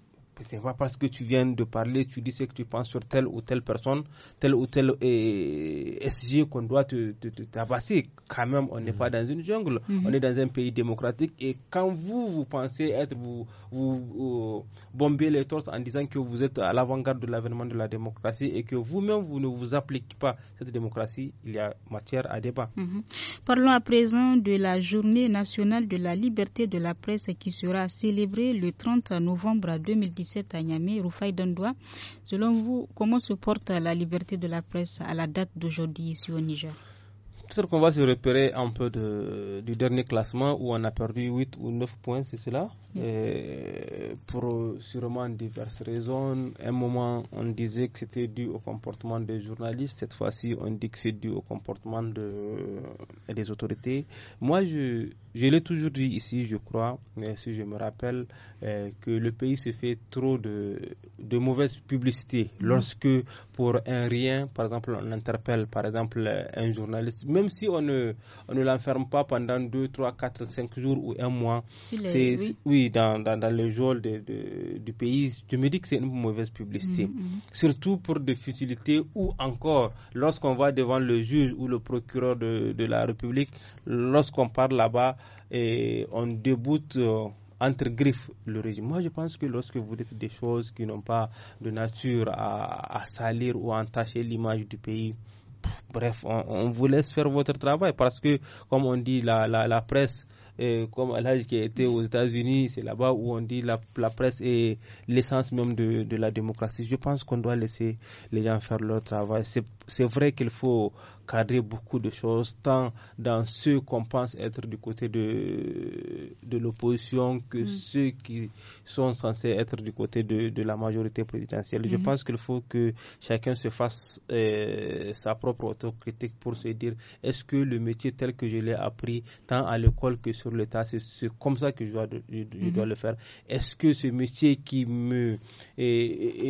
C'est pas parce que tu viens de parler, tu dis ce que tu penses sur telle ou telle personne, telle ou telle euh, SG qu'on doit te, t'avasser. Quand même, on n'est mm. pas dans une jungle, mm-hmm. on est dans un pays démocratique. Et quand vous, vous pensez être, vous, vous bombez les torses en disant que vous êtes à l'avant-garde de l'avènement de la démocratie et que vous-même, vous ne vous appliquez pas cette démocratie, il y a matière à débat. Mm-hmm. Parlons à présent de la journée nationale de la liberté de la presse qui sera célébrée le 30 novembre 2017. 2017 à Niamey, Selon vous, comment se porte la liberté de la presse à la date d'aujourd'hui ici au Niger peut-être qu'on va se repérer un peu du dernier classement où on a perdu 8 ou 9 points, c'est cela. pour euh, sûrement diverses raisons. Un moment, on disait que c'était dû au comportement des journalistes. Cette fois-ci, on dit que c'est dû au comportement de, euh, des autorités. Moi, je, je l'ai toujours dit ici, je crois, euh, si je me rappelle, que le pays se fait trop de, de mauvaise publicité mm. lorsque, pour un rien, par exemple, on interpelle, par exemple, un journaliste même si on ne, ne l'enferme pas pendant 2, 3, 4, 5 jours ou un mois, oui. dans, dans, dans les de, du pays, je me dis que c'est une mauvaise publicité. Mm, mm, mm. Surtout pour des futilités ou encore lorsqu'on va devant le juge ou le procureur de, de la République, lorsqu'on parle là-bas et on déboute. Euh, entre griffes le régime. Moi, je pense que lorsque vous dites des choses qui n'ont pas de nature à, à salir ou à entacher l'image du pays, bref, on, vous laisse faire votre travail parce que, comme on dit, la, la presse comme comme l'âge qui a été aux États-Unis, c'est là-bas où on dit la, la presse est l'essence même de, la démocratie. Je pense qu'on doit laisser les gens faire leur travail. C'est vrai qu'il faut cadrer beaucoup de choses, tant dans ceux qu'on pense être du côté de, l'opposition que mm. ceux qui sont censés être du côté de, la majorité présidentielle. Je mm-hmm. pense qu'il faut que chacun se fasse euh, sa propre autocritique pour se dire est-ce que le métier tel que je l'ai appris tant à l'école que sur l'État. C'est comme ça que je mhm. dois, le faire. Est-ce que ce métier qui me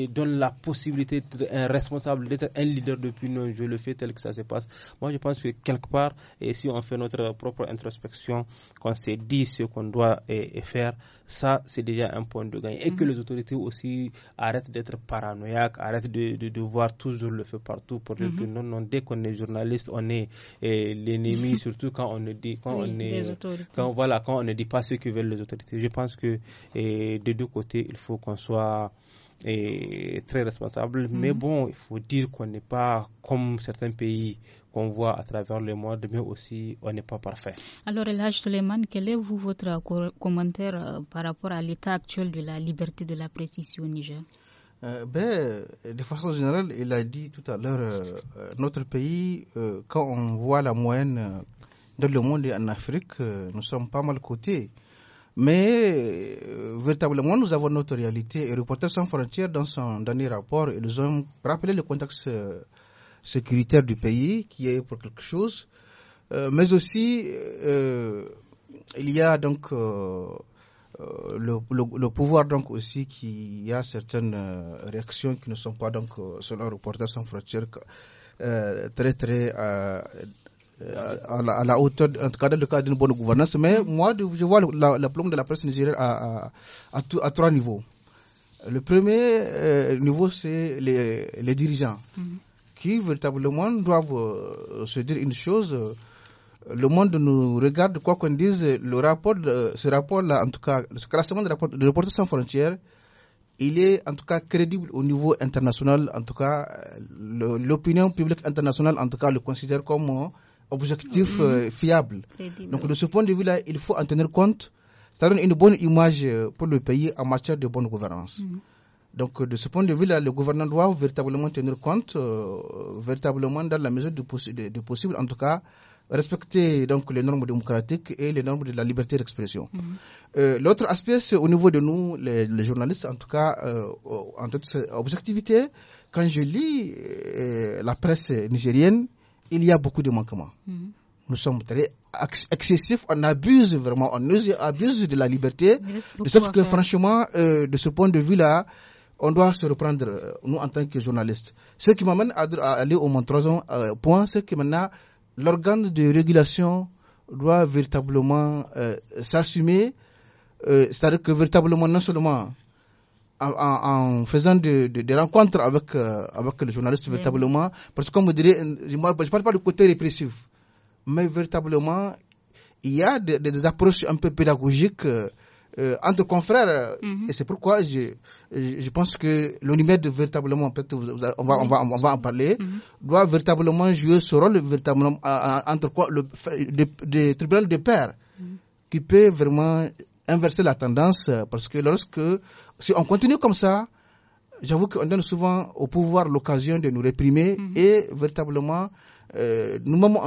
donne la possibilité d'être un responsable, d'être un leader depuis nous, je le fais tel que ça se passe Moi, je pense que quelque part, et si on fait notre propre introspection, qu'on s'est dit ce qu'on doit et faire, ça c'est déjà un point de gain. Et que mhm. les autorités aussi arrêtent d'être paranoïaques, arrêtent de, de, voir toujours le feu partout pour dire que mhm. non, non, dès qu'on est journaliste, on est eh, l'ennemi, surtout quand on ne dit, quand on est, ne dit pas ce que veulent les autorités. Je pense que eh, de deux côtés, il faut qu'on soit eh, très responsable. Mhm. Mais bon, il faut dire qu'on n'est pas comme certains pays qu'on voit à travers le monde, mais aussi on n'est pas parfait. Alors, Elhaj Suleiman, quel est vous, votre euh, commentaire euh, par rapport à l'état actuel de la liberté de la presse au Niger euh, ben, de façon générale, il a dit tout à l'heure, notre pays, quand on voit la moyenne dans le monde et en Afrique, nous sommes pas mal cotés. Mais véritablement, nous avons notre réalité. Et Reporters sans frontières, dans son dernier rapport, ils ont rappelé le contexte sécuritaire du pays qui est pour quelque chose. Euh, mais aussi, euh, il y a donc euh, le, pouvoir donc aussi qui a certaines réactions qui ne sont pas donc selon Reporters sans frontières très très à, la, hauteur, en tout cas dans le cadre d'une bonne gouvernance. Mais moi, je vois la, plombe de la presse nigérienne à, à, trois niveaux. Le premier niveau, c'est les, dirigeants. Mm-hmm qui véritablement doivent euh, se dire une chose. Le monde nous regarde, quoi qu'on dise, le rapport, ce rapport-là, en tout cas, ce classement de, rapport, de sans frontières, il est en tout cas crédible au niveau international, en tout cas l'opinion publique internationale en tout cas le considère comme euh, objectif mm-hmm. euh, fiable. Donc de ce point de vue-là, il faut en tenir compte. Ça donne une bonne image pour le pays en matière de bonne gouvernance. Mm-hmm. Donc, euh, de ce point de vue-là, le gouvernement doit véritablement tenir compte, euh, véritablement dans la mesure du, de, possible, en tout cas, respecter donc les normes démocratiques et les normes de la liberté d'expression. Mhm. Euh, l'autre aspect, c'est au niveau de nous, les, journalistes, en tout cas, en toute objectivité, quand je lis la presse nigérienne, il y a beaucoup de manquements. Mhm. Nous sommes très excessifs, on abuse vraiment, on abuse de la liberté, de sorte que franchement, de ce point de vue-là, on doit se reprendre, euh, nous, en tant que journalistes. Ce qui m'amène à, aller au moins troisième euh, point, c'est que maintenant, l'organe de régulation doit véritablement euh, s'assumer, c'est-à-dire que véritablement, non seulement en, en, faisant des rencontres avec, avec les journalistes, véritablement, parce que comme vous direz, je ne parle pas du côté répressif, mais véritablement, il y a des, des approches un peu pédagogiques euh, entre confrères. Mhm. Et c'est pourquoi je, je pense que l'ONIMED, véritablement, peut on va, on, va, on va en parler, mhm. doit véritablement jouer ce rôle véritablement, entre quoi, le, des tribunal de pair, mhm. qui peut vraiment inverser la tendance. Parce que lorsque, si on continue comme ça, j'avoue qu'on donne souvent au pouvoir l'occasion de nous réprimer et véritablement euh, nous-mêmes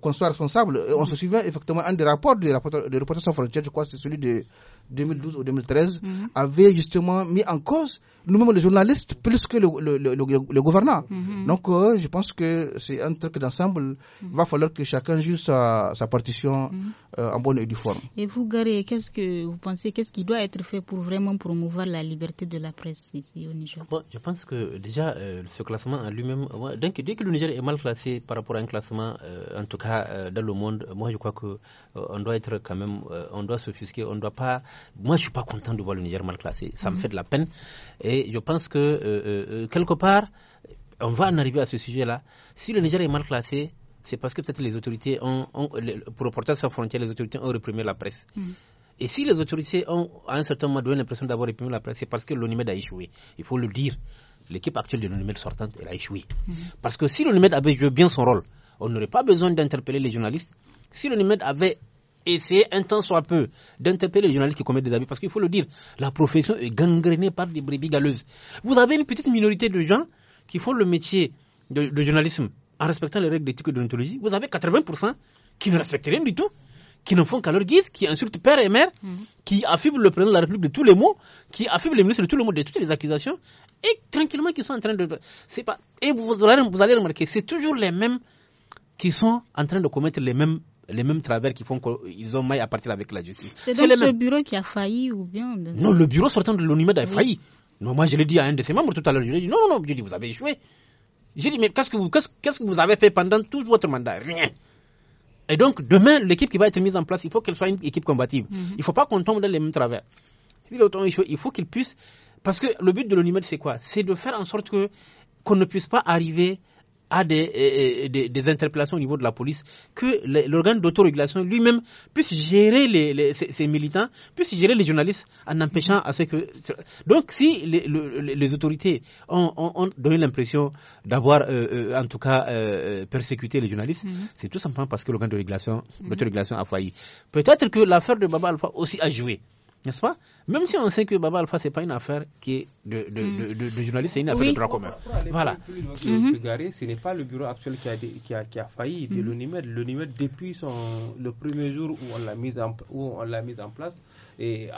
qu'on soit, responsable. on se souvient effectivement un des rapports de, de Reporters sans frontières, je crois, c'est celui de 2012 ou 2013, mhm. avait justement mis en cause nous-mêmes les journalistes plus que le, le, mhm. Donc euh, je pense que c'est un truc d'ensemble. Il mhm. va falloir que chacun joue sa, sa partition euh, en bonne et due forme. Et vous, Garé, qu'est-ce que vous pensez, qu'est-ce qui doit être fait pour vraiment promouvoir la liberté de la presse ici au Niger bon, Je pense que déjà, euh, ce classement en lui-même, dès, que le Niger est mal classé par rapport à un classement, en tout cas dans le monde, moi je crois qu'on doit être quand même, on doit s'offusquer, on ne doit pas moi, je suis pas content de voir le Niger mal classé. Ça me mhm. fait de la peine. Et je pense que euh, euh, euh, quelque part, on va en arriver à ce sujet-là. Si le Niger est mal classé, c'est parce que peut-être les autorités ont, pour reporter sa frontière, les autorités ont réprimé la presse. Mhm. Et si les autorités ont, à un certain moment, donné l'impression d'avoir réprimé la presse, c'est parce que l'ONIMED a échoué. Il faut le dire. L'équipe actuelle de l'ONIMED sortante, elle a échoué. Mhm. Parce que si l'ONIMED avait joué bien son rôle, on n'aurait pas besoin d'interpeller les journalistes. Si l'ONIMED avait essayer un temps soit peu d'interpeller les journalistes qui commettent des abus. Parce qu'il faut le dire, la profession est gangrénée par des brebis galeuses. Vous avez une petite minorité de gens qui font le métier de, journalisme en respectant les règles d'éthique et notologie Vous avez 80% qui ne respectent rien du tout, qui ne font qu'à leur guise, qui insultent père et mère, mhm. qui affublent le président de la République de tous les mots, qui affublent les ministres de tous les mots, de toutes les accusations, et tranquillement qui sont en train de. C'est pas. Et vous, vous allez remarquer, c'est toujours les mêmes qui sont en train de commettre les mêmes les mêmes travers qui font qu'ils ont maille à partir avec la justice. C'est donc ce bureau qui a failli ou bien Non, le bureau sortant de l'ONU-MED a failli. Non, moi je l'ai dit à un de ses membres tout à l'heure, je lui ai dit non, non, non, je dit, vous avez échoué. J'ai dit, mais qu'est-ce que vous avez fait pendant tout votre mandat Rien. Et donc, demain, l'équipe qui va être mise en place, il faut qu'elle soit une équipe combative. Mhm. Il ne faut pas qu'on tombe dans les mêmes travers. il faut qu'il puisse... Parce que le but de l'ONIMED, c'est quoi C'est de faire en sorte que qu'on ne puisse pas arriver à eh, eh, des, des, interpellations au niveau de la police, que l'organe d'autorégulation lui-même puisse gérer les, ces, militants, puisse gérer les journalistes en empêchant à ce que. Donc, si les, autorités ont, donné l'impression d'avoir, euh, euh, en tout cas, euh, persécuté les journalistes, mhm. c'est tout simplement parce que l'organe mhm. d'autorégulation a failli. Peut-être que l'affaire de Baba Alpha aussi a joué n'est-ce pas Même si on sait que Baba Alpha, ce n'est pas une affaire qui mm. de, de, de, journaliste, c'est une affaire de droit commun. Voilà. Mm-hmm. ce n'est pas le bureau actuel qui a, qui a, failli de numéro, l'UNIMED. depuis son, le premier jour où on l'a mise, mise, en place, et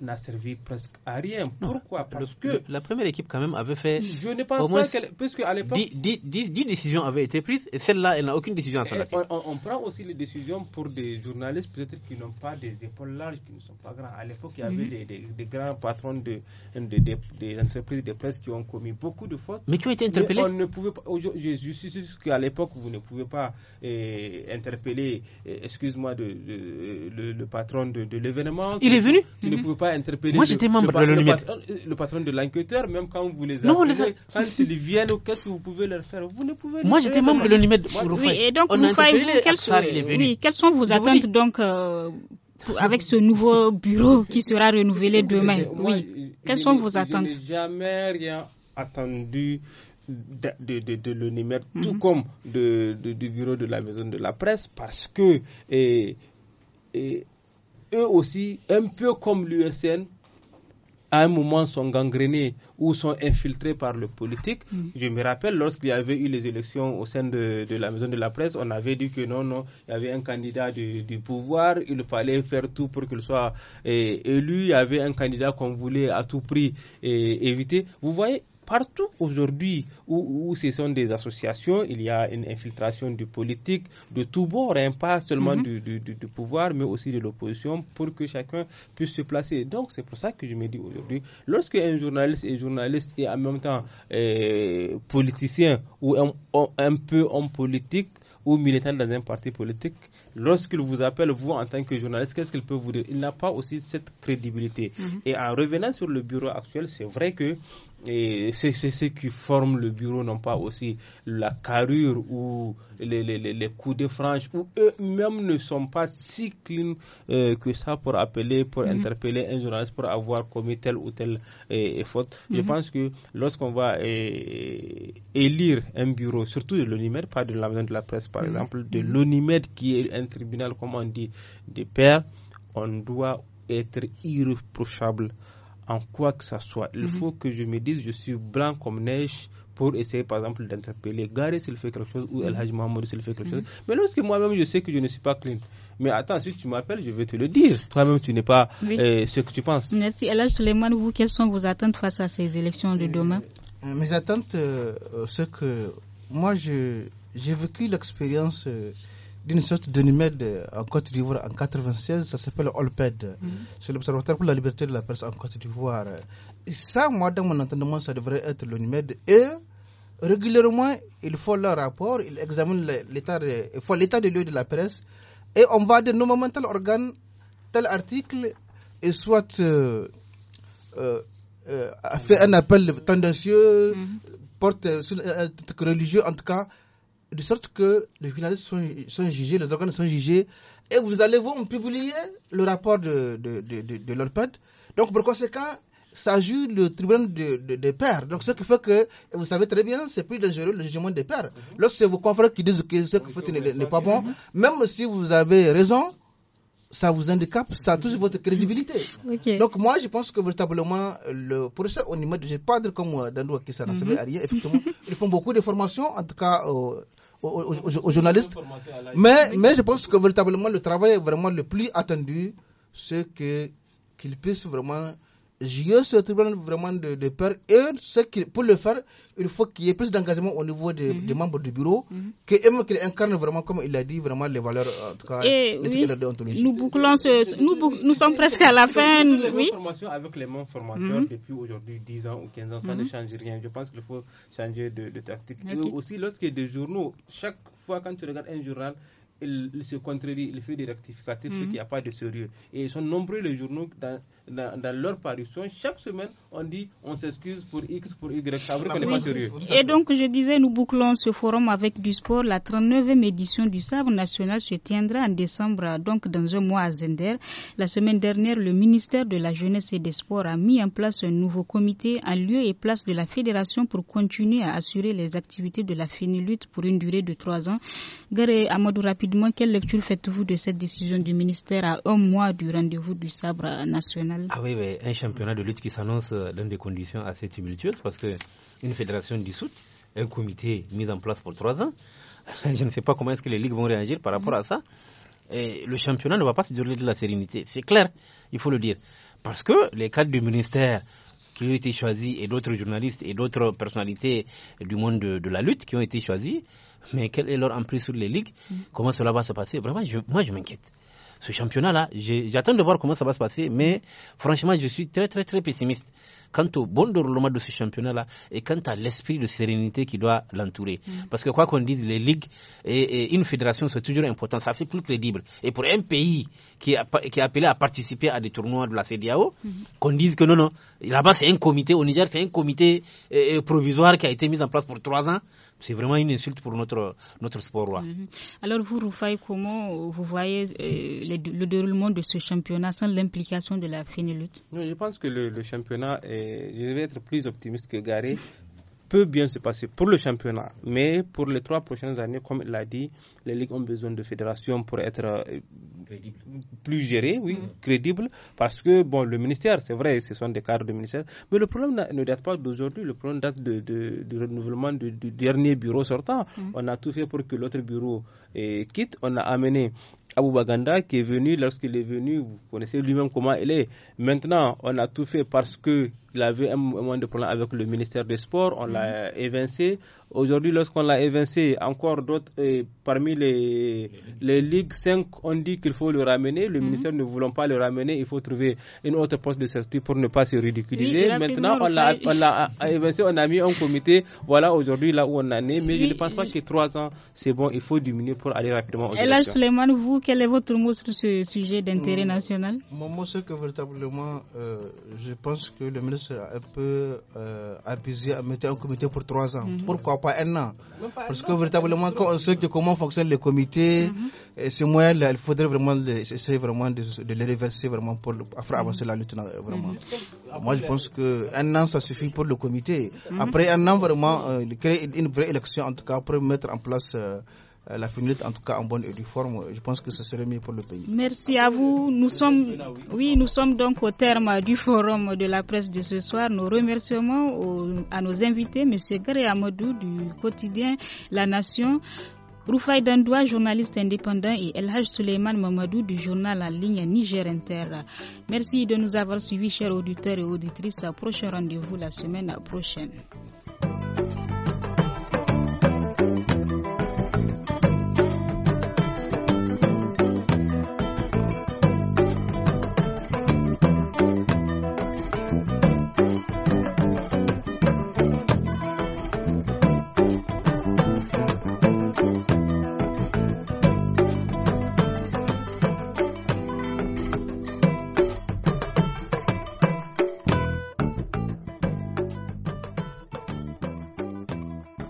n'a servi presque à rien. Pourquoi Parce que. La première équipe, quand même, avait fait. Je ne pense pas qu'elle. Puisque à l'époque. 10, décisions avaient été prises et celle-là, elle n'a aucune décision à son on, on, on prend aussi les décisions pour des journalistes, peut-être qui n'ont pas des épaules larges, qui ne sont pas grands l'époque, il y avait mhm. des, grands patrons de, des entreprises de presse qui ont commis beaucoup de fautes. Mais qui ont été interpellés on ne pouvait pas, Je, suis sûr qu'à l'époque, vous ne pouvez pas euh, interpeller, euh, excuse-moi, euh, le, patron de, l'événement. Il est venu Tu ne mhm. pouvais pas interpeller. Moi, j'étais membre le, patron, le, patron, de l'enquêteur, même quand vous les appelez, quand ils viennent, qu'est-ce que vous pouvez leur faire Vous ne pouvez Moi, j'étais membre de l'ONU. Oui, et donc, vous, quelles, sont, quelles sont vos attentes donc avec ce nouveau bureau qui sera renouvelé demain. oui. Quelles sont vos attentes Je jamais rien attendu de, l'ONIMER, tout mhm. comme du bureau de la maison de la presse, parce que eux aussi, un peu comme l'USN, à un moment sont gangrenés ou sont infiltrés par le politique. Mm. Je me rappelle lorsqu'il y avait eu les élections au sein de, la maison de la presse, on avait dit que non, non, il y avait un candidat du, pouvoir, il fallait faire tout pour qu'il soit eh, élu, il y avait un candidat qu'on voulait à tout prix eh, éviter. Vous voyez, partout aujourd'hui où, ce sont des associations, il y a une infiltration du politique de tout bords, hein, pas seulement mhm. du, pouvoir, mais aussi de l'opposition, pour que chacun puisse se placer. Donc c'est pour ça que je me dis aujourd'hui, lorsque un journaliste est journaliste et en même temps euh, politicien ou un, peu homme politique ou militant dans un parti politique, lorsqu'il vous appelle, vous, en tant que journaliste, qu'est-ce qu'il peut vous dire Il n'a pas aussi cette crédibilité. Mhm. Et en revenant sur le bureau actuel, c'est vrai que et c'est ceux qui forment le bureau n'ont pas aussi la carrure ou les, les, les coups de frange, ou eux-mêmes ne sont pas si clean euh, que ça pour appeler, pour mhm. interpeller un journaliste, pour avoir commis telle ou telle euh, faute. Je mhm. pense que lorsqu'on va euh, élire un bureau, surtout de l'ONIMED, pas de la de la presse par mhm. exemple, de l'ONIMED qui est un tribunal, comme on dit, de pair, on doit être irréprochable en quoi que ce soit. Il mhm. faut que je me dise, je suis blanc comme neige pour essayer, par exemple, d'interpeller garé s'il fait quelque chose ou El Hajj Mahmoud s'il fait quelque mhm. chose. Mais lorsque moi-même, je sais que je ne suis pas clean. Mais attends, si tu m'appelles, je vais te le dire. Toi-même, tu n'es pas euh, ce que tu penses. Merci. Elhaj Suleiman, vous, quelles sont vos attentes face à ces élections de euh, demain euh, Mes attentes, ce c'est que moi, j'ai vécu l'expérience d'une sorte numède en Côte d'Ivoire en 96, ça s'appelle Olped, mm c'est l'Observatoire pour la liberté de la presse en Côte d'Ivoire. Ça, moi, dans mon entendement, ça devrait être numède Et régulièrement, ils font leur rapport, ils examinent l'état de lieu de la presse, et on va dire, normalement, tel organe, tel article, et soit euh, euh, euh fait un appel tendancieux, mm-hmm. porte sur religieux, en tout cas, de sorte que les journalistes sont, jugés, les organes sont jugés, et vous allez voir, on publier le rapport de, de, de, Donc, par conséquent, ça joue le tribunal des de, Donc, ce qui fait que, vous savez très bien, c'est plus dangereux le jugement des pères. Mhm. Lorsque c'est vos confrères qui disent que ce que vous faites n'est pas bon, mhm. même si vous avez raison, ça vous handicape, ça touche mhm. votre crédibilité. Donc moi, je pense que véritablement, le procès au niveau de, je pas comme d'un qui s'en mm à rien, effectivement, ils font beaucoup de formations, en tout cas, euh, aux, journalistes. Mais, mais je pense que véritablement le travail vraiment le plus attendu, c'est qu'ils qu'il puissent vraiment eu ce tribunal vraiment de, peur. Et pour le faire, il faut qu'il y ait plus d'engagement au niveau des mhm. membres du bureau, qu'il mhm. incarne que vraiment, comme il l'a dit, vraiment les valeurs, en tout cas, de déontologie. Nous bouclons Nous, sommes presque à la fin. oui. formation avec les mêmes formateurs mhm. depuis aujourd'hui 10 ans ou 15 ans, ça ne change rien. Je pense qu'il faut changer de, tactique. Et aussi, lorsqu'il y a des journaux, chaque fois quand tu regardes un journal, il, se contredit, il fait des rectificatifs, ce qui n'a pas de sérieux. Et ils sont nombreux les journaux dans dans, leur parution, chaque semaine, on dit on s'excuse pour X, pour Y. Et donc, je disais, nous bouclons ce forum avec du sport. La 39e édition du Sabre national se tiendra en décembre, donc dans un mois à Zender. La semaine dernière, le ministère de la Jeunesse et des Sports a mis en place un nouveau comité en lieu et place de la fédération pour continuer à assurer les activités de la lutte pour une durée de trois ans. Gare Amadou, rapidement, quelle lecture faites-vous de cette décision du ministère à un mois du rendez-vous du Sabre national ah oui, un championnat de lutte qui s'annonce euh, dans des conditions assez tumultueuses parce qu'une fédération dissoute, un comité mis en place pour trois ans, je ne sais pas comment est-ce que les ligues vont réagir par rapport à ça. Et le championnat ne va pas se dérouler de la sérénité, c'est clair, il faut le dire. Parce que les cadres du ministère qui ont été choisis et d'autres journalistes et d'autres personnalités du monde de, la lutte qui ont été choisis, mais quelle est leur emprise sur les ligues mm. Comment cela va se passer Vraiment, moi je m'inquiète ce championnat-là. J'attends de voir comment ça va se passer, mais franchement, je suis très, très, très pessimiste quant au bon déroulement de ce championnat-là et quant à l'esprit de sérénité qui doit l'entourer. Mm. Parce que quoi qu'on dise, les ligues et, une fédération, c'est toujours important, ça fait plus crédible. Et pour un pays qui, qui est appelé à participer à des tournois de la CDAO, mm -hmm. qu'on dise que non, non, là-bas c'est un comité, au Niger c'est un comité euh, euh, provisoire qui a été mis en place pour trois ans, c'est vraiment une insulte pour notre, notre sport. roi mm -hmm. Alors vous, Roufaï, comment vous voyez euh, le, déroulement de ce championnat sans l'implication de la lutte Je pense que le, le championnat est je vais être plus optimiste que Garé, peut bien se passer pour le championnat. Mais pour les trois prochaines années, comme il l'a dit, les ligues ont besoin de fédérations pour être euh, plus gérées, oui, crédible, mm-hmm. crédibles. Parce que, bon, le ministère, c'est vrai, ce sont des cadres de ministère. Mais le problème ne date pas d'aujourd'hui. Le problème date du de, renouvellement du, dernier bureau sortant. Mm-hmm. On a tout fait pour que l'autre bureau euh, quitte. On a amené Abou Baganda qui est venu lorsqu'il est venu. Vous connaissez lui-même comment il est. Maintenant, on a tout fait parce que il avait un moins de problème avec le ministère des Sports, on l'a évincé. Aujourd'hui, lorsqu'on l'a évincé, encore d'autres, euh, parmi les, les ligues 5, on dit qu'il faut le ramener. Le mhm. ministère ne voulant pas le ramener, il faut trouver une autre poste de sortie pour ne pas se ridiculiser. Maintenant, on l'a euh, euh, évincé, on a mis un comité. Voilà aujourd'hui là où on en est. Mais je ne pense pas que trois ans, c'est bon. Il faut diminuer pour aller rapidement aux Et là, Suleiman, vous, quel est votre mot sur ce sujet d'intérêt mm, national Mon mot, c'est que véritablement, je pense que le ministre a un peu abusé à mettre un comité pour trois ans. Mhm. Pourquoi pas un an. Parce que véritablement, on sait comment fonctionne le comité, mm-hmm. C'est moi, là il faudrait vraiment essayer vraiment de, les reverser vraiment pour faire mm-hmm. avancer la lutte. Euh, mm-hmm. Vraiment. Moi, je pense qu'un an, ça suffit pour le comité. Après un an, vraiment, euh, créer une vraie élection, en tout cas, pour mettre en place. Euh, euh, la finalité, en tout cas en bonne et due forme, je pense que ce serait mieux pour le pays. Merci à vous. Nous sommes, oui, nous sommes donc au terme du forum de la presse de ce soir. Nos remerciements à nos invités, M. Gary Amadou du quotidien La Nation. Roufaï Dandoua, journaliste indépendant, et Elhaj Suleiman Mamadou du journal en ligne Niger Inter. Merci de nous avoir suivis, chers auditeurs et auditrices. Prochain rendez-vous la semaine prochaine.